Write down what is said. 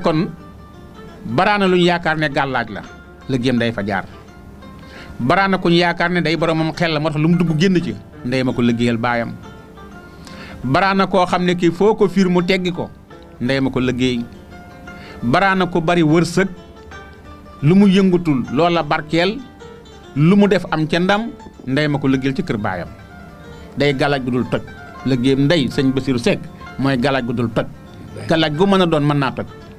kon baraana lu yaakaar ne gàllaaj la liggéeyam day fajaar baraana ku yaakaar ne day boromam xel la moo tax lu mu dugg génn ci ndey ma ko liggéeyal baayam baraana koo xam ne kii foo ko fiir mu teggi ko ndey ma ko liggéey baraana ko bari wërsëg lu mu yëngutul loola barkeel lu mu def am ca ndam ndey ma ko liggéeyal ci kër baayam day gàllaaj gu dul toj liggéeyam ndey sëñ Basiru Seck mooy gàllaaj gu dul toj gàllaaj gu mën a doon mën naa toj